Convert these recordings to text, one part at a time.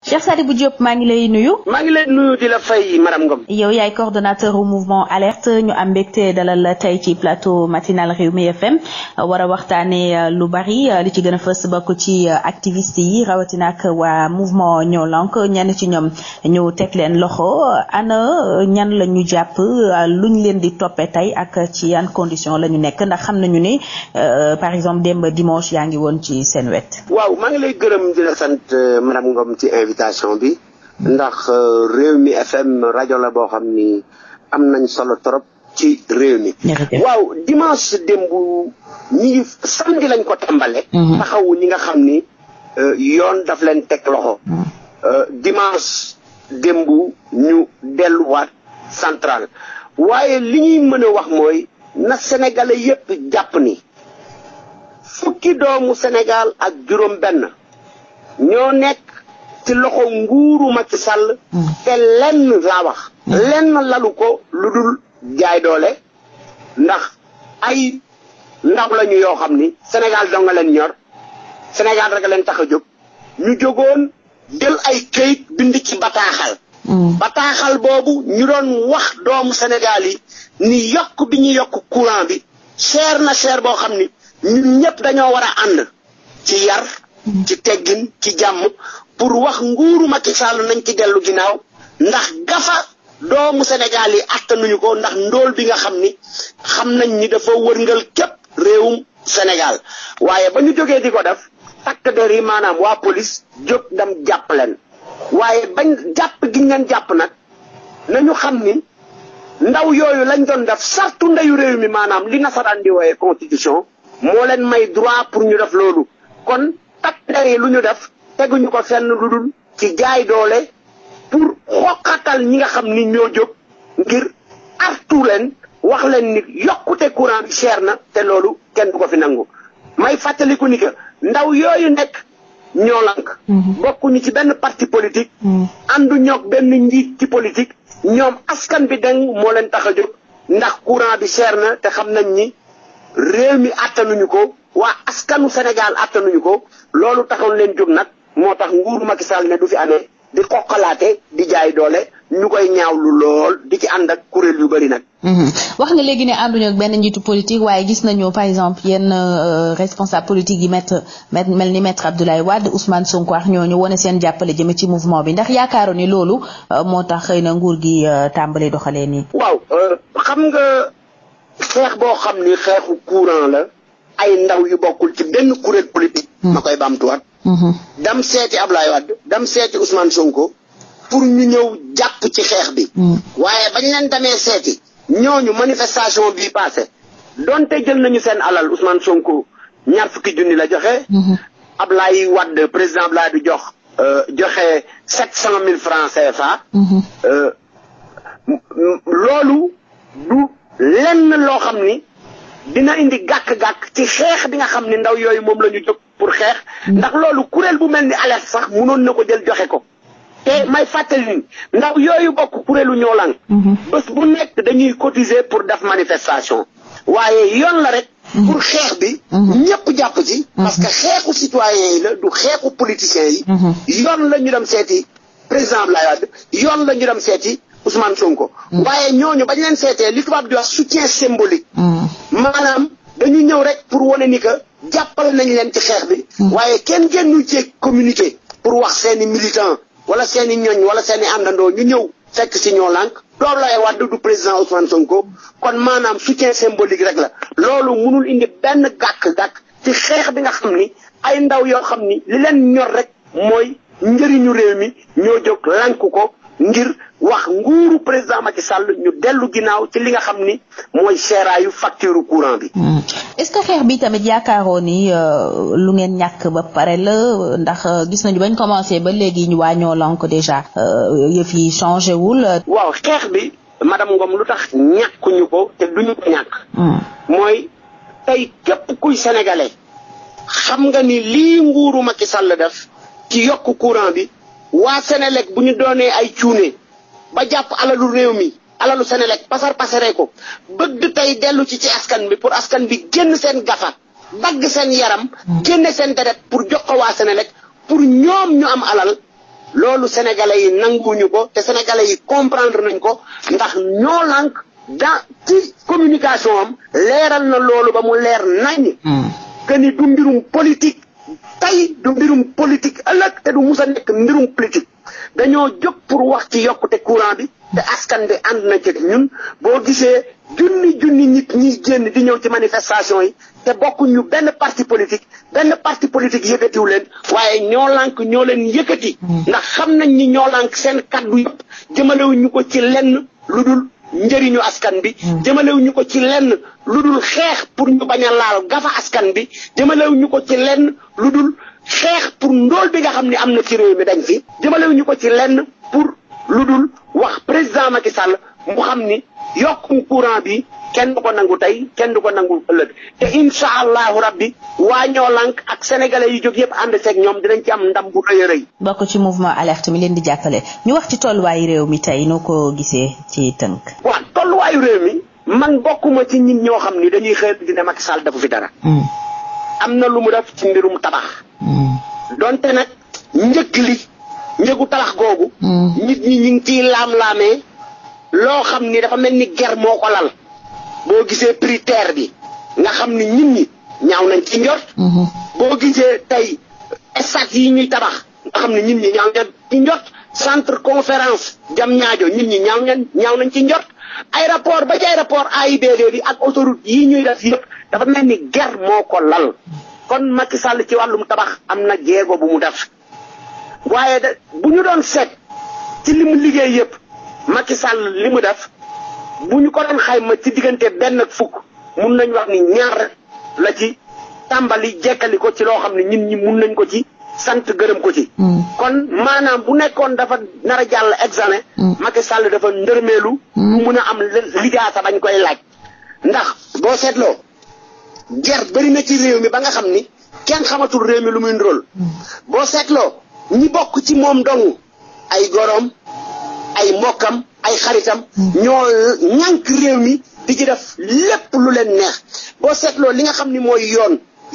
Cheikh Sadibou Diop maa ngi lay nuyu. maa ngi di la fay madame Ngom. yow yaay coordonnateur au mouvement alerte ñu am mbégte dalal tey ci plateau matinal mi FM war a waxtaanee euh, lu bari euh, li ci gën a fës bokk ci euh, activiste yi rawatina ak waa mouvement ñëw lank ñan ci ñoom ñu teg leen loxo ana ñan la ñu jàpp luñ leen di toppee tey ak ci yan condition la ñu nekk ndax xam nañu ni par exemple démb dimanche yaa ngi woon ci seen wet. waaw maa ngi lay gërëm di la sant madame invitation bi ndax euh, réew mi FM rajo la boo xam ni am nañ solo trop ci réew mi waaw dimanche démb ñi samedi lañ ko tàmbale mhm. taxawu ñi nga xam ni euh, yoon daf leen teg loxo mhm. euh, dimanche démb ñu delluwaat central waaye li ñuy mën a wax mooy na sénégalais yépp jàpp ni fukki doomu sénégal ak juróom benn ñoo nekk ci loxo nguuru Macky Sall. te lenn laa wax. lenn lalu ko lu dul jaay doole ndax ay ndaw lañu yoo xam ni Sénégal dong nga leen ñor Sénégal rek leen tax a jóg ñu jógoon jël ay këyit bind ci bataaxal. Mm. bataaxal boobu ñu doon wax doomu Sénégal yi ni yokk bi ñu yokk courant bi cher na cher boo xam ni ñun ñëpp dañoo war a ànd ci yar. Mm. ci teggin ci jàmm pour wax nguuru Macky Sall nañ ci dellu ginnaaw ndax gafa doomu Sénégal yi attanuñu ko ndax ndool bi nga xam ni xam nañ ni dafa wërngal képp réewum Sénégal waaye ba ñu jógee di ko def takk der yi maanaam waa police jóg dem jàpp leen waaye bañ jàpp giñ leen jàpp nag nañu xam ni ndaw yooyu lañ doon def sartu ndeyu réew mi maanaam li nasaraan di wooye constitution moo leen may droit pour ñu def loolu kon takk der lu ñu def teguñu ko fenn lu dul ci jaay doole pour xoqatal ñi nga xam ni ñoo jóg ngir artu leen wax leen ni yokkute courant bi cher na te loolu kenn du ko fi nangu may fàttaliku ni ndaw yooyu nekk ñoo lank mhm. bokkuñu ci benn parti politique mhm. ànduñu ak benn njiit ci politique ñoom askan bi deng moo leen tax a jóg ndax courant bi cher na te xam nañ ni réew mi àttanuñu ko waa askanu Sénégal àttanuñu ko loolu taxoon leen jóg nag moo tax ma Macky Sall ne du fi amee di koqalaate di jaay doole ñu koy ñaawlu lool di ci ànd ak kuréel yu bari nag. Mhm. wax nga léegi ne ànduñu benn njiitu politique waaye gis nañu par exemple yenn euh, responsable politique yi maître mel ni maître Abdoulaye Wade Ousmane Sonko ak ñooñu wane seen jàppale jëme ci mouvement bi ndax yaakaaroon ni loolu euh, moo tax xëy na nguur gi euh, tàmbali doxalee nii. waaw xam nga xeex boo xam ni xeexu courant la ay ndaw yu bokkul ci benn kuréel politique. Hmm. ma koy baamtuwaat. dam mhm. seeti Ablaye Wade dam seeti Ousmane Sonko pour ñu ñëw jàpp ci xeex bi mhm. waaye bañ leen demee seeti ñooñu manifestation bi passé donte jël nañu seen alal Ousmane Sonko ñaar fukki junni la joxe mhm. Ablaye Wade président Ablaye du jox euh, joxe sept cent mille francs CFA euh, loolu du lenn loo xam ni dina indi gàkk-gàkk ci xeex bi nga xam ni ndaw yooyu moom la ñu jóg pour xeex ndax loolu kuréel bu mel ni alerte sax munoon na ko jël joxe ko te may fàttali ndaw yooyu bokk kuréelu ñoolan mhm. bés bu nekk dañuy cotiser pour def manifestation waaye yoon la rek mhm. pour xeex bi mhm. ñëpp jàpp ji parce que xeexu citoyens yi la du xeexu politiciens yi yoon la ñu dem seeti président Abdoulaye Wade yoon la ñu dem seeti Ousmane Sonko waaye ñooñu bañ leen seetee li tubaab di wax soutien symbolique maanaam dañu ñëw rek pour wane ni jàppale nañ leen ci xeex bi waaye kenn ngeen ñu jéeg communiqué pour wax seeni militant wala seeni ñoñ wala seeni àndandoo ñu ñëw fekk si ñoo lànk loolu lay wax du président Ousmane Sonko kon maanaam soutien symbolique rek la loolu mënul indi benn gàkk-gàkk ci xeex bi nga xam ni ay ndaw yoo xam ni li leen ñor rek mooy njëriñu réew mi ñoo jóg lànk ko ngir wax nguuru président Macky Sall ñu dellu ginnaaw ci li nga xam ni mooy seeraayu facture courant bi. Hmm. est-ce que xeex bi tamit yaakaaroo ni euh, lu ngeen ñàkk ba pare la ndax euh, gis nañu bañ commencé ba léegi ñu wàññoo lank déjà euh, yëf yi changé wul. waaw xeex bi madame Ngom lu tax ñàkkuñu ko te duñu ko ñàkk. Hmm. mooy tey képp kuy sénégalais xam nga ni lii nguuru Macky Sall def ci yokk courant bi. waa Sénélec bu ñu doonee ay cuune ba jàpp alalu réew mi alalu Sénélec pasar pasaree ko bëgg tey dellu ci ci askan bi pour askan bi génn seen gafa bagg seen yaram génne seen deret pour jox ko waa Sénélec pour ñoom ñu am alal loolu sénégalais yi nanguñu ko te sénégalais yi comprendre nañ ko ndax ñoo lànk dans ci communication am leeral na loolu ba mu leer nañ hmm. que du mbirum politique tey du mbirum politique ëllëg te du musa nekk mbirum politique dañoo jóg pour wax ci yokkute courant bi te askan bi ànd na ci ñun boo gisee junni junni nit ñiy génn di ñëw ci manifestation yi te bokkuñu benn parti politique benn parti politique yëkkatiwu leen waaye ñoo lank ñoo leen yëkkati. Hmm. ndax xam nañ ni ñoo lànk seen kàddu yëpp jëmalewuñu ko ci lenn lu dul. njëriñu askan bi hmm. jëmalewu ñu ko ci lenn lu dul xeex pour ñu bañ a laal gafa askan bi jëmalewu ñu ko ci lenn lu dul xeex pour ndóol bi nga xam ni am na ci réew mi dañ fi jëmalewu ñu ko ci lenn pour lu dul wax président Macky Sall mu xam ni yokkum courant bi kenn du ko nangu tey kenn du ko nangu ëllëg te incha allahu rabbi waa ñoo lank ak sénégalais yu jóg yëpp ànd seeg ñoom dinañ ci am ndam bu rëy a rëy. bokk ci mouvement alerte mi leen di jàppale ñu wax ci tolluwaayu réew mi tey noo ko gisee ci tënk. waaw tolluwaayu réew mi man bokkuma ci ñin ñoo xam ni dañuy xëy di ne Macky Sall defu fi dara. Hmm. am na lu mu def ci mbirum tabax. Hmm. donte nag njëkk li njëgu tabax googu. Hmm. nit ñi ñu ngi ciy laam-laamee loo xam ni dafa mel ni ger moo ko lal. boo gisee prix terre bi nga xam ni nit ñi ñaaw nañ ci njort. Mhm. boo gisee tey stade yi ñuy tabax nga xam ni nit ñi ñaaw nañ ci njort centre conférence jam ñaajo nit ñi ñaaw nañ ñaaw nañ ci njort aéroport ba ci aéroport AIBD bi ak autoroute yi ñuy def yëpp dafa mel ni guerre moo ko lal kon Macky Sall ci wàllum tabax am na jéego bu mu def waaye de bu ñu doon set ci li mu liggéey yëpp Macky Sall li mu def bu ñu ko doon xayma ci diggante benn ak fukk mun nañ wax ni ñaar la ci tàmbali jekkali ko ci loo xam ne ñun ñi mun nañ ko ci sant gërëm ko ci. Mm. kon maanaam bu nekkoon dafa nar a jàll examen. Mm. Macky sàll dafa ndërmeelu. Mm. lu mun a am lijaasa bañ koy laaj. ndax boo seetloo ger bëri na ci réew mi ba nga xam ni kenn xamatul réew mi lu muy ndural. boo seetloo ñi bokk ci moom dong ay goroom ay mbokkam. ay xaritam ñoo ñànk réew mi di ci def lépp lu leen neex boo seetloo li nga xam ni mooy yoon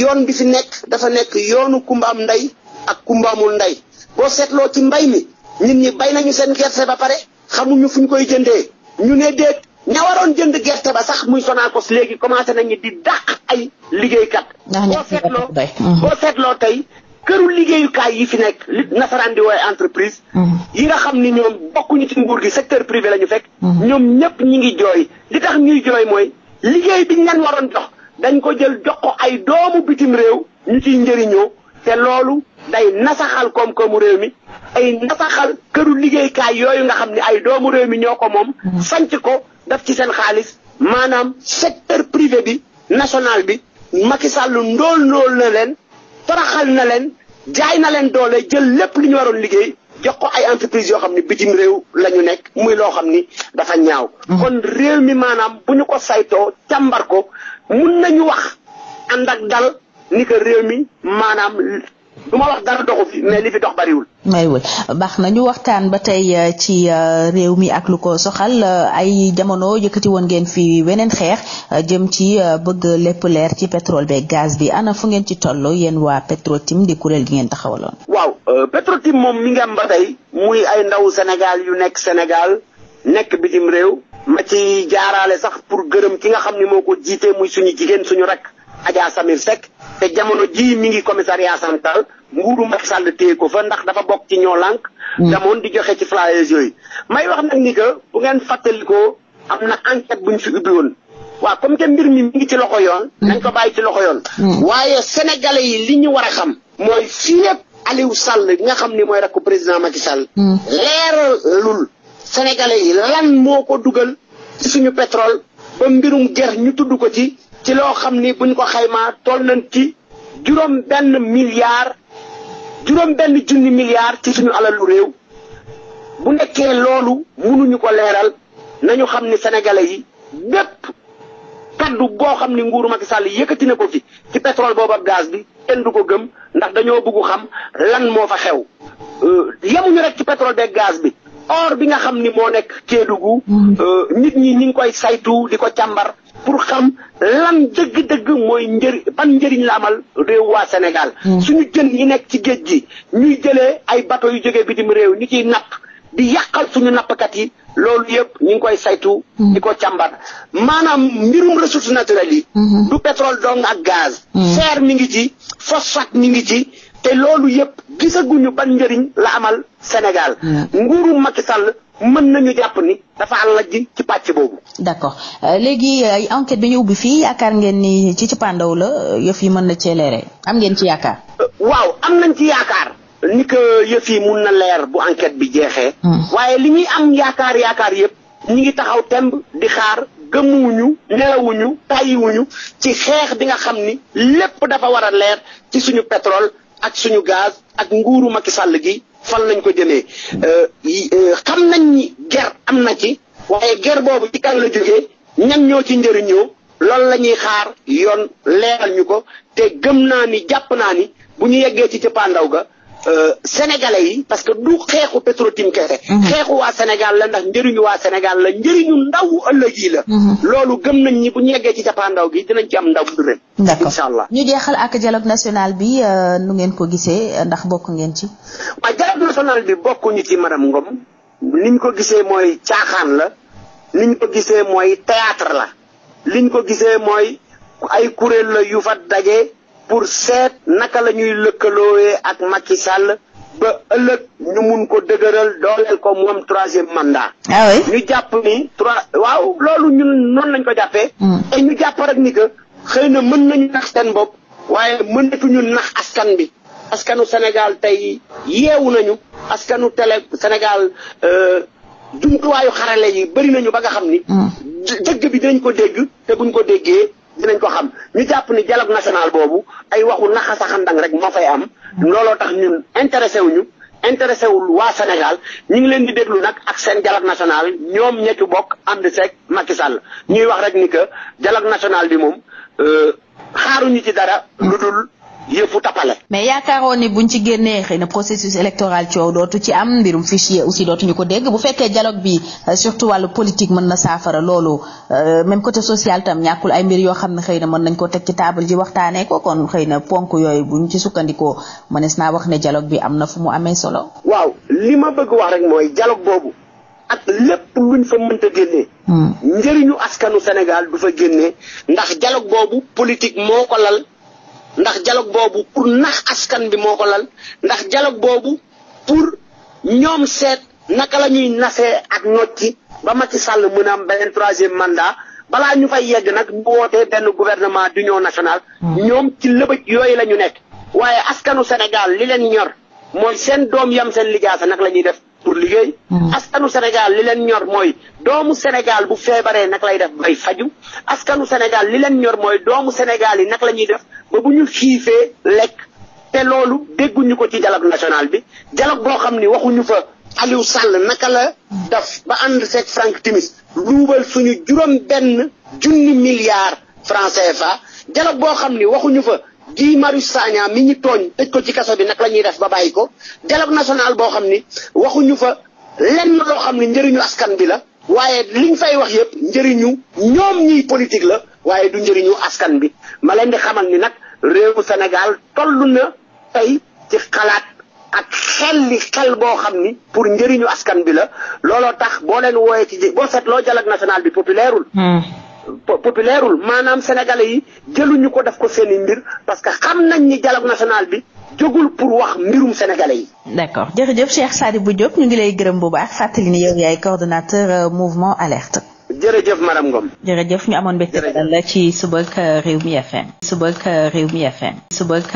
yoon bi fi nekk dafa nekk yoonu kumbaam ndey ak kumbaamul ndey boo seetloo ci mbay mi nit ñi bay nañu seen gerte ba pare xamuñu fuñ koy jëndee ñu ne déet ña waroon jënd gerte ba sax muy Sonacos léegi commencé nañu di dàq ay liggéeykat boo boo seetloo tey këru liggéeyukaay yi fi nekk li nasaraan di wooye entreprise mm. yi nga xam ni ñoom bokkuñu ci nguur gi secteur privé la ñu fekk mm. ñoom ñëpp ñi ngi jooy li tax ñuy jooy mooy liggéey bi ñu leen waroon jox dañ ko jël jox ko ay doomu bitim réew ñu ciy njëriñoo te loolu day nasaxal koom-koomu réew mi ay nasaxal këru liggéeyukaay yooyu nga xam ni ay doomu réew mi ñoo ko moom mm. sanc ko daf ci seen xaalis maanaam secteur privé bi national bi Macky Sall ndóol ndóol na leen toroxal na leen jaay na leen doole jël lépp li ñu waroon liggéey jox ko ay entreprise yoo xam ni bitim réew la ñu nekk muy loo xam ni dafa ñaaw. Mhm. kon réew mi maanaam bu ñu ko saytoo càmbar ko mun nañu wax ànd ak dal ni que réew mi maanaam du ma wax dara doxu fi mais fi dox bariwul. maywul baax na ñu waxtaan ba tey euh, ci euh, réew mi ak lu ko soxal euh, ay jamono yëkkati woon ngeen fi weneen xeex jëm ci bëgg lépp leer ci pétrole beeg gaz bi ana fu ngeen ci toll yéen waa Petrotim di kuréel gi ngeen taxawaloon. waaw Petrotim moom mi ngi ba tey muy ay ndaw Sénégal yu nekk Sénégal nekk bitim réew. ma ci jaaraale sax pour gërëm ki nga xam ni moo ko jiite muy suñu jigéen suñu rek. Adja Samir Seck te jamono jii mi ngi commissariat central nguuru Macky sàll téye ko fa ndax dafa bokk ci ñoo lànk mm. damoon di joxe ci flyers yooyu may wax nag ni que bu ngeen fàttalikoo am na enquête buñ fi ubbi woon waaw comme que mbir mi mu ngi ci loxo yoon mm. nañ ko bàyyi ci loxo yoon mm. waaye sénégalais yi li ñu war a xam mooy fii yëpp Aliou Sall bi nga xam ni mooy rakku président Macky Sall leeralul sénégalais yi lan moo ko dugal ci suñu pétrole ba mbirum ger ñu tudd ko ci ci loo xam ni buñ ko xaymaa toll nañ ci juróom benn milliard juróom benn junni milliard ci suñu alalu réew bu nekkee loolu mënuñu ko leeral nañu xam ni sénégalais yi bépp kaddu goo xam ni nguuru Macky Sall yëkkati na ko fi ci pétrole boobu ak gaz bi kenn du ko gëm ndax dañoo bëgg xam lan moo fa xew euh, yemuñu rek ci pétrole beeg gaz bi or bi nga xam ni moo nekk Kédougou mm. euh, nit ñi ñi ngi koy saytu di ko càmbar pour xam lan dëgg-dëgg mooy njëriñ ban njëriñ la amal réew waa Sénégal. Hmm. suñu jën yi nekk ci géej gi ñuy jëlee ay bateau yu jógee bitim réew ñu ciy napp di yàqal suñu nappkat yi loolu yëpp ñu ngi koy saytu. Hmm. di ko càmbar maanaam mbirum ressources naturelles yi. Hmm. du pétrole dong ak gaz. fer mi ngi ci phosphate mi ngi ci. te loolu yëpp gisaguñu ban njëriñ la amal Sénégal. nguuru Macky mën nañu jàpp ni dafa lajj ci pàcc boobu. d'accord euh, léegi euh, ay enquête bi ñu ubbi fii yaakaar ngeen ni ci ci pàndaw la euh, yëf yi mën na cee leere am ngeen ci yaakaar. waaw am nañ ci yaakaar. ni ko yëf yi mun na leer bu enquête bi jeexee. Hmm. waaye li ñuy am yaakaar yaakaar yëpp ñu ngi taxaw temb di xaar gëmuwuñu nelawuñu tàyyiwuñu ci xeex bi nga xam ni lépp dafa war a leer ci suñu pétrole. ak suñu gaz ak nguuru Macky sàll gi fan lañ ko jëmee euh, euh, xam nañ ni ger am na ci waaye ger boobu ci kan la jógee ñan ñoo ci njëriñoo loolu la ñuy xaar yoon leeral ñu ko te gëm naa ni jàpp naa ni bu ñu yeggee ci cëppaandaw ga Euh, sénégalais yi parce que du xeexu Petro-Tim kese mhm. xeexu waa Sénégal la ndax njëriñu waa Sénégal la njëriñu ndaw ëllëg yi la mhm. loolu gëm nañ ñi bu ñu yeggee ci cappaandaw gi dinañ ci am ndaw du leen incha allah ñu jeexal ak dialogue national bi euh, nu ngeen ko gisee ndax bokk ngeen ci waaw dialogue national bi bokkuñu ci madame Ngom niñ ko gisee mooy caaxaan la liñ ko gisee mooy théâtre la liñ ko gisee mooy ay kuréel la yu fa daje pour seet naka la ñuy lëkkaloowee ak Macky Sall ba ëllëg ñu mun ko dëgëral dooleel ko moom troisième mandat. ah ñu jàpp ni trois waaw loolu ñun noonu lañ ko jàppee. Hmm. te ñu jàpp ni que xëy na mën nañu nax seen bopp waaye mënatuñu nax askan bi askanu Sénégal tey yeewu nañu askanu télé Sénégal. Euh, jumtuwaayu xarale yi bëri nañu ba nga xam ni. dëgg hmm. bi dañ ko dégg te buñ ko déggee dinañ ko xam ñu jàpp ni dialogue national boobu ay waxu naxa saxandang rek moo fay am. looloo tax ñun intéressé wuñu intéressé wul waa Sénégal ñu ngi leen di déglu nag ak seen dialogue national ñoom ñetti bokk ànd seeg Macky Sall ñuy wax rek ni que dialogue national bi moom euh, xaaruñu ci dara lu dul. yëfu tapale. mais yaakaaroon ni buñ ci génnee xëy na processus électoral coow dootu ci am mbirum fichier aussi dootuñu ko dégg bu fekkee dialogue bi euh, surtout wàllu politique mën na saafara loolu euh, même côté social tam ñàkkul ay mbir yoo xam ne xëy na mën nañ ko teg ci table ji waxtaanee ko kon xëy na ponk yooyu buñ ci sukkandikoo mënees naa wax ne dialogue bi am na fu mu amee solo. waaw li ma bëgg wax rek mooy dialogue boobu ak lépp luñ fa mënta génnee. Hmm. njëriñu askanu Sénégal du fa génnee ndax dialogue boobu ndax dialogue boobu pour nax askan bi moo ko lal ndax dialogue boobu pour ñoom seet naka la ñuy nasee ak nocci ba Macky sàll mën a am beneen troisième mandat balaa ñu fay yegg nag ñu wootee benn gouvernement d'union nationale. Hmm. ñoom ci lëbëj yooyu la ñu nekk. waaye askanu Sénégal li leen ñor mooy seen doom yam seen lijaasa nag la ñuy def. pour liggéey. Mm. askanu Sénégal li leen ñor mooy doomu Sénégal bu feebaree nak lay def bay faju askanu Sénégal li leen ñor mooy doomu Sénégal yi naka la ñuy def ba bu ñu xiifee lekk te loolu dégguñu ko ci dialogue national bi dialogue boo xam ni waxuñu fa Aliou sàll naka la def ba ànd seeg Frank Timis luubal suñu juróom benn junni milliards francs CFA dialogue boo xam ni waxuñu fa Guy Marius Sagna mi ñu tooñ tëj ko ci kaso bi nag la ñuy def ba bàyyi ko dialogue national boo xam ni waxuñu fa lenn loo xam ni njëriñu askan bi la waaye liñ fay wax yëpp njëriñu ñoom ñiy politique la waaye du njëriñu askan bi ma leen di xamal ni nag réewu senegal toll na tey ci xalaat ak xel li xel boo xam ni pour njëriñu askan bi la looloo tax boo leen wooyee ci boo seetloo dialogue national bi populaireul hmm. populaireul maanaam sénégalais yi jëluñu ko def ko seen mbir parce que xam nañ ni dialogue national bi jógul pour wax mbirum sénégalais yi. d'accord jërëjëf Cheikh Sadibou Diop ñu ngi lay gërëm bu baax fàttali ni yow yaay coordonnateur euh, mouvement alerte. jërëjëf madame Ngom. jërëjëf ñu amoon be dalal la ci suba ak euh, Rewmi FM. suba ak euh, Rewmi FM. suba ak